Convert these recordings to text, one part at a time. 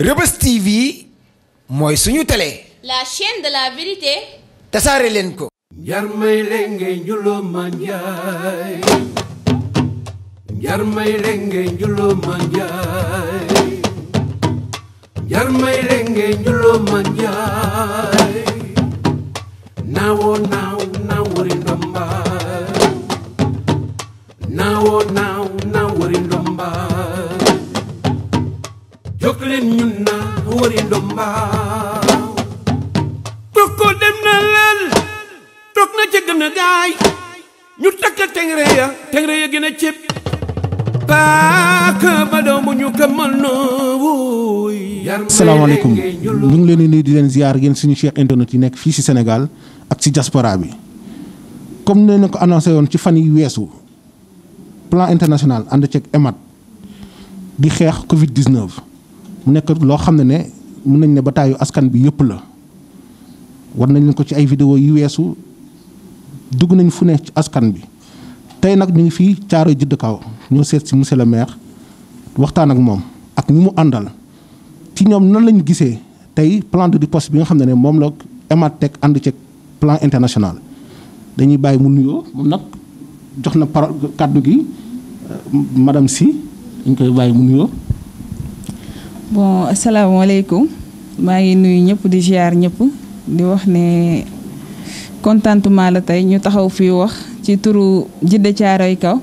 Reubeuss TV mooy suñu télé. la chaîne de la vérité. tasaare leen ko. njarmay lenge njulo manjaay njarmay lenge njulo manjaay njarmay lenge njulo ndombaay asalaamaaleykum ñu ngi leen di nuyu di leen ziar yéen suñu cheikh internet yi nekk fii si Sénégal ak si diaspora ne ko annoncé woon ci fan yi weesu plan international ànd ceeg EMAD di xeex Covid 19 mu nekk loo xam ne ne mun nañ ne bataayu askan bi yëpp la war nañ leen ko ci ay vidéo yu weesu dugg nañ fu ne ci askan bi tey nag ñu ngi fii Caaroy Jidda Kaw ñoo seet si monsieur le maire waxtaan ak moom ak ñi mu àndal. ci ñoom noonu lañu gisee tey plan de riposte bi nga xam ne ne moom la EMAD teg ànd ceeg plan international dañuy bàyyi mu nuyoo moom nag jox na parole kàddu gi euh, madame Sy dañ koy bàyyi mu nuyoo. bon asalaamaaleykum maa ngi nuyu ñëpp di ziar ñëpp di wax ne contentement la tey ñu taxaw fii wax ci turu Djiddah Thiaroye Kaw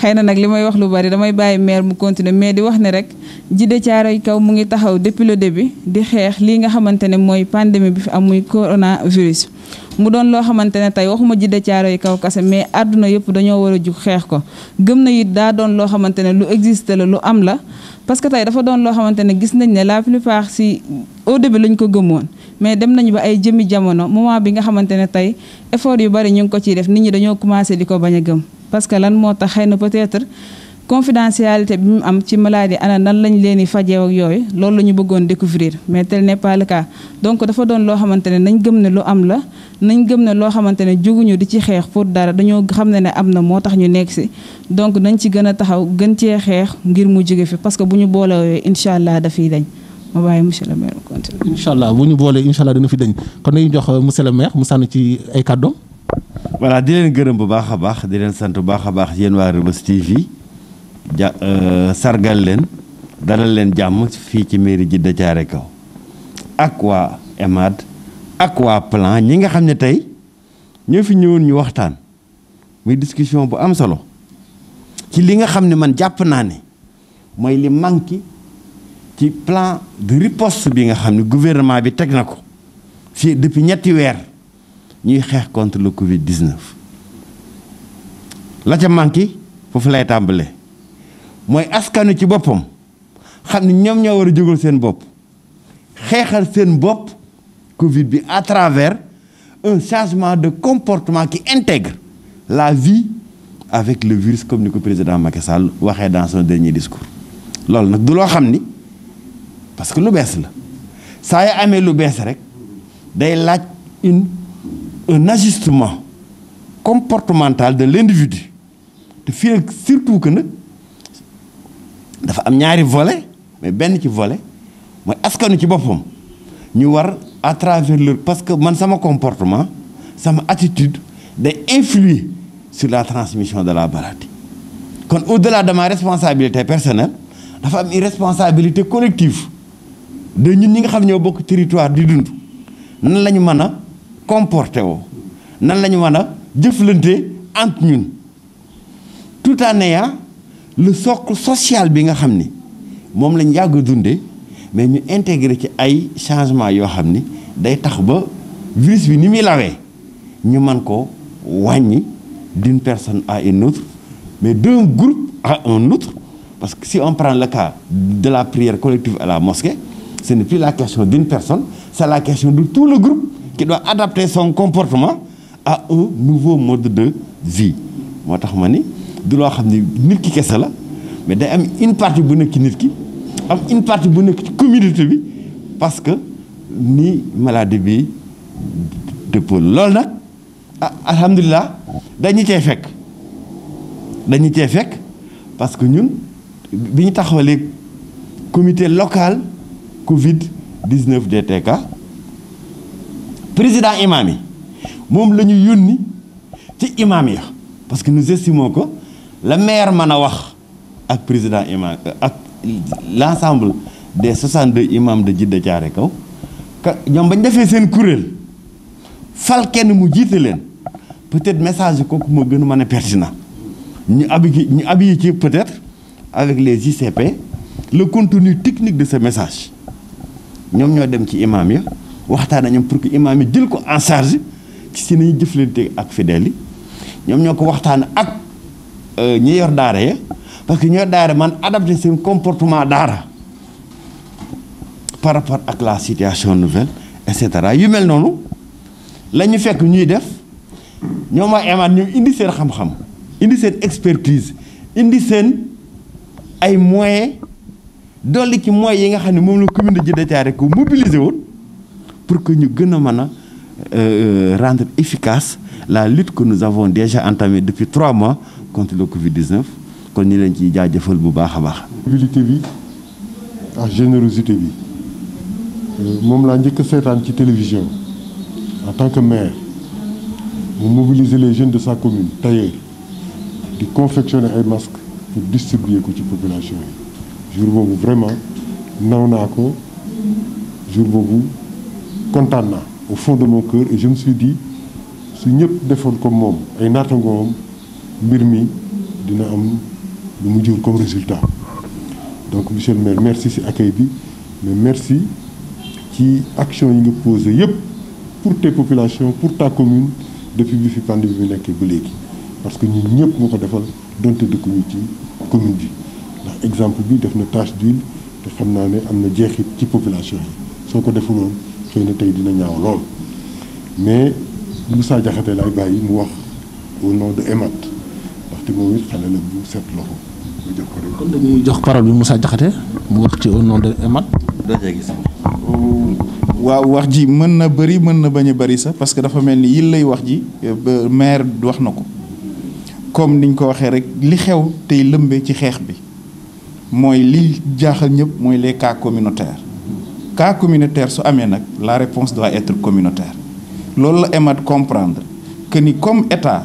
xëy na nag li may wax lu bari damay bàyyi maire mu continuer mais di wax ne rek. Djiddah Thiaroye Kaw mu ngi taxaw depuis le bi di xeex lii nga xamante ne mooy pandémie bi fi am muy coronavirus mu doon loo xamante ne tey waxuma Djiddah yi Kaw kase mais àdduna yëpp dañoo war a jug xeex ko gëm na it daa doon loo xamante ne lu existe la lu am la parce que tey dafa doon loo xamante ne gis nañ ne la plupart si au début lañ ko gëmoon mais dem nañu ba ay jëmmi jamono moment bi nga xamante ne tey effort yu bari ñu ngi ko ciy def nit ñi dañoo commencé di ko bañ a gëm que lan moo tax xëy na peut confidentialité bi mu am ci maladie ana nan lañ leen di fajee ak yooyu loolu la ñu bëggoon découvrir mais te n'est pas le donc dafa doon loo xamante ne nañ gëm ne lu am la nañ gëm ne loo xamante ne juguñu di ci xeex pour dara dañoo xam ne ne am na moo tax ñu nekk si donc dañ ci gën a taxaw gën cee xeex ngir mu jóge fi parce que bu ñu boolewee incha allah dafiy dañ. ma bàyyi monsieur le maire continue. incha bu ñu boolee incha allah dina fi dañ kon dañuy jox euh, monsieur le maire mu sànni ci ay kàddoom. voilà di leen gërëm bu baax a baax di leen sant bu baax a baax yéen waa Reubeuss ja euh, sargal leen dalal leen jàmm fii ci mairie Djiddah Thiaroye Kaw ak waa EMAD ak waa plan ñi nga xam ne tey ñoo fi ñëwoon ñu waxtaan muy discussion bu am solo ci li nga xam ne man jàpp naa ne mooy li manqué ci plan de riposte bi nga xam ne gouvernement bi teg na ko fii depuis ñetti weer ñuy xeex contre le Covid 19 la ca manqué foofu lay tàmbale moy askanu ci bopam xamni ñom nous ñoo wara jëgul seen bop xéxal seen bop Covid bi à travers un changement de comportement qui intègre la vie avec le virus comme ni ko président Macky Sall waxé dans son dernier discours lool nak du nous xamni parce que lu bess la Ça yu amé lu bess rek day laaj une un ajustement comportemental de l'individu te fii surtout que nous dafa am ñaari volet mais ben ci volet moy askanu ci boppam ñu war à travers leur parce que man sama comportement sama attitude day influer sur la transmission de la maladie kon au-delà de ma responsabilité personnelle dafa am une responsabilité collective de ñun ñi nga xam ñoo bokk territoire di dund nan lañu mëna mën nan lañu mëna entre ñun tout en ayant le socle social bi nga xamni mom moom lañ yàgg mais ñu intégrer ci ay changement yo xamni day tax ba virus bi ni mi ñu man d'une personne à une autre mais d'un groupe à un autre parce que si on prend le cas de la prière collective à la mosquée ce n'est plus la question d'une personne c'est la question de tout le groupe qui doit adapter son comportement à un nouveau mode de vie Moi tax ma ni de loo xam ne nit ki là mais d'ailleurs une partie bu qui ci nit une partie bu qui ci communauté bi parce que ni maladie bi de pour nag ah alhamdulilah dañu cee fekk dañu cee parce que nous, bi ñu le comité local Covid 19 DTK président imam yi moom la ñu ci imam parce que nous estimons que la maire mën a wax ak président imam euh, ak l' ensemble des 62 imams de Djiddah Thiaroye Kaw ka ñoom bañ defee seen kuréel fal kenn mu jiite leen peut-être message kooku moo gën a mën a pertinent ñu ab ñu abi ci peut-être avec les ICP le contenu technique de ce message ñoom ñoo dem ci imam ya waxtaan ak ñoom pour que imam yi jël ko en charge ci si nañu jëflante ak fidèles yi ñoom ñoo ko waxtaan ak Euh, ñi yor daara ya parce que ñu yor daara man adapté seen comportement daara par rapport ak la situation nouvelle et cetera yu mel noonu la ñu fekk ñuy def ñoom waa EMAD ñu indi seen xam-xam indi seen expertise indi seen ay moyens dolli ci moyens yi nga xam ne moom la commune de Djeddah ko mobiliser woon pour que ñu gën a mën a euh, euh, rendre efficace la lutte que nous avons déjà entamée depuis trois mois contre le Covid-19 kon ñu leen ciy jaajëfal bu baax a baax. la bi ak générosité bi euh, moom laa que a ci télévision en tant que maire vous mobiliser les jeunes de sa commune tailleur de confectionner un masque pour distribuer ko la population Je vous boobu vraiment naw Je vous jour boobu au fond de mon cœur et je me suis dit si ñëpp defoon comme moom comme moi birmi dina am lu mu comme résultat donc monsieur le maire merci ci accueil bi mais merci ci action yi nga posé pour tes populations pour ta commune depuis bi fi pandémie bi nekkee ba parce que nous ñëpp nga pas defal donte dans ci commune bi exemple bi def na tâche d'huile te xam naa ne am na jeexit ci population yi soo ko defuloon xëy na tey dina ñaaw lool mais Moussa Diakhaté laay bàyyi mu wax au nom de EMAD ndaxte moom it xale mu jox dañuy jox parole bi Moussa Diakhaté mu wax ci au nom waaw wax ji mën na bëri mën na bañ a bëri sax parce que dafa mel ni yi lay wax ji ba maire wax na ko comme niñ ko waxee rek li xew tey lëmbe ci xeex bi mooy li jaaxal ñëpp mooy les cas communautaire cas communautaire su amee nag la réponse doit être communautaire loolu la EMAD comprendre que ni comme état.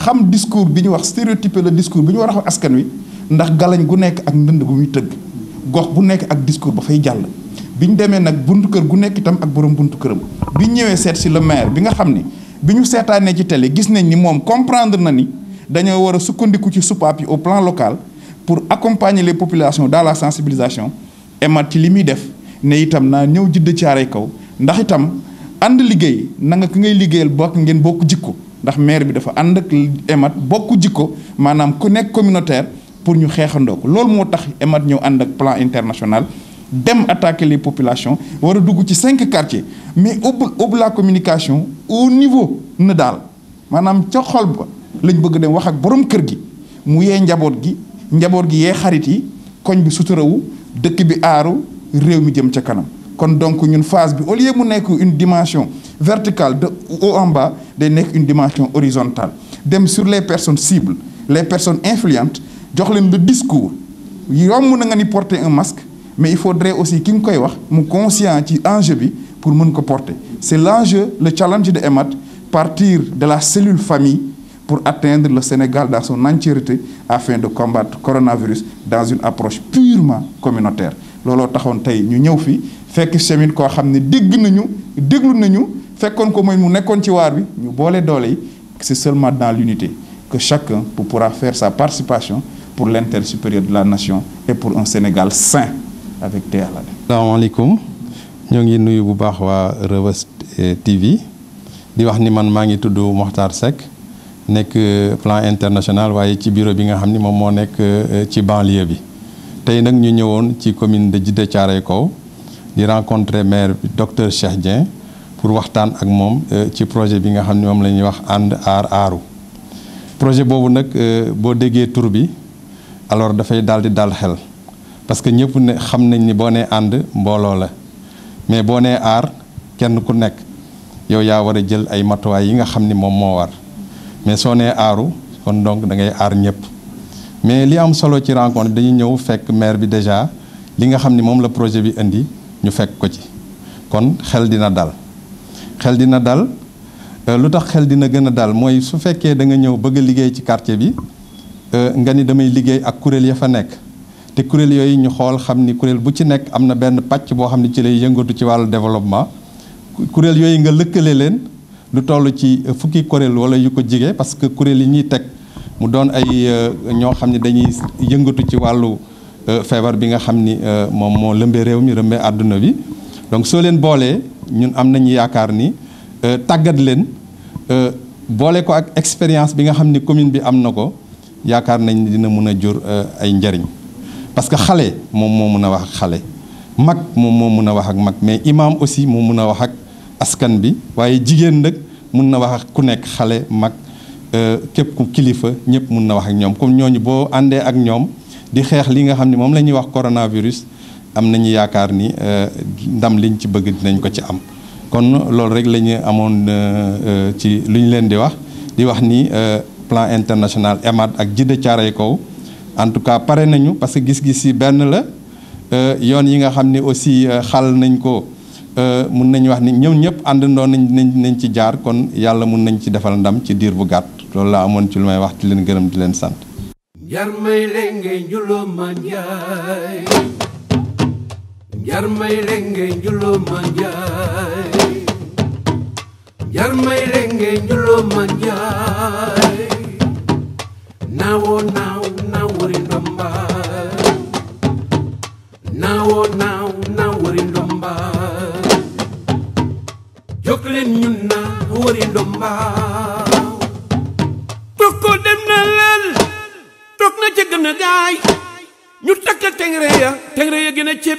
xam discours bi ñu wax stéréotypé le discours bi ñu war a wax askan wi ndax galañ gu nekk ak ndënd bu muy tëgg gox bu nekk ak discours ba fay jàll bi ñu demee nag buntu kër gu nekk itam ak borom buntu këram bi ñu ñëwee seet si le maire bi nga xam ni bi ñu seetaanee ci télé gis nañ ni moom comprendre na ni dañoo war a sukkandiku ci soupape yi au plan local pour accompagner les populations dans la sensibilisation emat ci li muy def ne itam naa ñëw jidd caare kaw ndax itam ànd liggéey na nga ki ngay liggéeyal bokk ngeen bokk jikko ndax maire bi dafa ànd ak EMAD bokk jikko maanaam ku nekk communautaire pour ñu xeexandoo ko loolu moo tax EMAD ñëw ànd ak plan international dem attaquer les populations war a dugg ci cinq quartiers mais ub ub la communication au niveau na daal maanaam ca xol ba lañ bëgg dem wax ak borom kër gi mu yee njaboot gi njaboot gi yee xarit yi koñ bi wu dëkk bi aaru réew mi jëm ca kanam kon donc une phase bi au lieu mu une dimension verticale de haut en bas de une dimension horizontale dem sur les personnes cibles les personnes influentes jox leen le discours yom na nga ni porter un masque mais il faudrait aussi ki koy wax mu conscient ci enjeu pour ko porter c'est l'enjeu le challenge de EMAD partir de la cellule famille pour atteindre le Sénégal dans son entièreté afin de combattre coronavirus dans une approche purement communautaire ce que nous ñu fait aujourd'hui fekk chemin koo xam ne dégg nañu déglu nañu fekkoon ko mooy mu nekkoon ci waar bi ñu boole doole yi c'est seulement dans l'unité que chacun pourra faire sa participation pour l'intérêt supérieur de la nation et pour un Sénégal sain avec té à la salaamaaleykum ñoo ngi nuyu bu baax waa Reuveuss eh, TV di wax ni man maa ngi tudd Mokhtar Seck nekk eh, plan international waaye ci bureau bi nga xam ni moom moo nekk eh, ci banlieue bi tey nag ñu ñëwoon ci commune de Djiddah Thiaroye Kaw di rencontrer maire docteur Cheikh pour waxtaan ak mom euh, ci projet bi nga xamni mom lañuy wax and aar aru projet bobu nak euh, bo déggee tour bi alors da fay daldi dal xel parce que ñepp ne xam nañ ni bo né and mbolo la mais bo né aar kenn ku nekk yow ya wara jël ay matuwaay yi nga xamni mom mo war mais so né aru kon donc da ngay ar ñepp mais li am solo ci rencontre dañuy ñëw fekk maire bi déjà li nga xamni mom la projet bi indi ñu fekk ko ci kon xel dina dal xel dina dal euh, lu tax xel dina gën a dal mooy su fekkee da nga ñëw bëgg a liggéey ci quartier bi euh, nga ni damay liggéey ak kuréel ya fa nekk te kuréel yooyu ñu xool xam ni kuréel bu ci nekk am na benn pàcc boo xam ne ci lay yëngatu ci wàllu développement kuréel yooyu nga lëkkale leen lu toll ci euh, fukki kuréel wala yu ko jige parce que kuréel yi ñuy teg mu doon ay ñoo xam ne dañuy yëngatu ci wàllu Euh, feebar bi nga xam ni euh, moom moo lëmbee réew mi lëmbee àdduna bi donc soo leen boolee ñun am nañu yaakaar ni euh, tàggat leen boole ko ak expérience bi nga xam ni commune bi am na ko yaakaar nañ dina mun a jur ay njariñ parce que xale moom moo mun a wax ak xale mag moom moo mun a wax ak mag mais imam aussi moo mun a wax ak askan bi waaye jigéen nag mun na wax ak ku nekk xale mag képp ku kilifa ñëpp mun na wax ak ñoom comme ñooñu boo àndee ak ñoom di xex li nga xamni mom lañuy wax coronavirus am nañu yaakar ni euh, ndam liñ ci bëgg dinañ ko ci am kon lool rek lañu amone euh, euh, ci luñ leen di wax di wax ni plan international EMAD ak jidde caaray ko en tout cas pare nañu parce que gis-gis ci ben la yoon yi nga xamni aussi xal nañ ko mun nañ wax ni ñew ñep and nañ nañ nañ ci jaar kon yalla mën nañ ci defal ndam ci dir bu gatt lool la amone ci lumay wax ci leen gëreem di leen sant njar may lenge njulo ma njaay njar may lenge njulo ma njaay njar may lenge njulo ma njaay naawo naaw naawori ndomba naawo naaw naawori ndomba jokk leen ñun naawori ndomba na tengre ya gën a cëb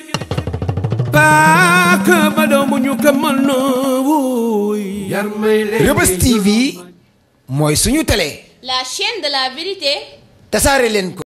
paaka ba doomu ñu ko mënoo Reubeuss TV mooy suñu télé la chaîne de la vérité tasaare leen ko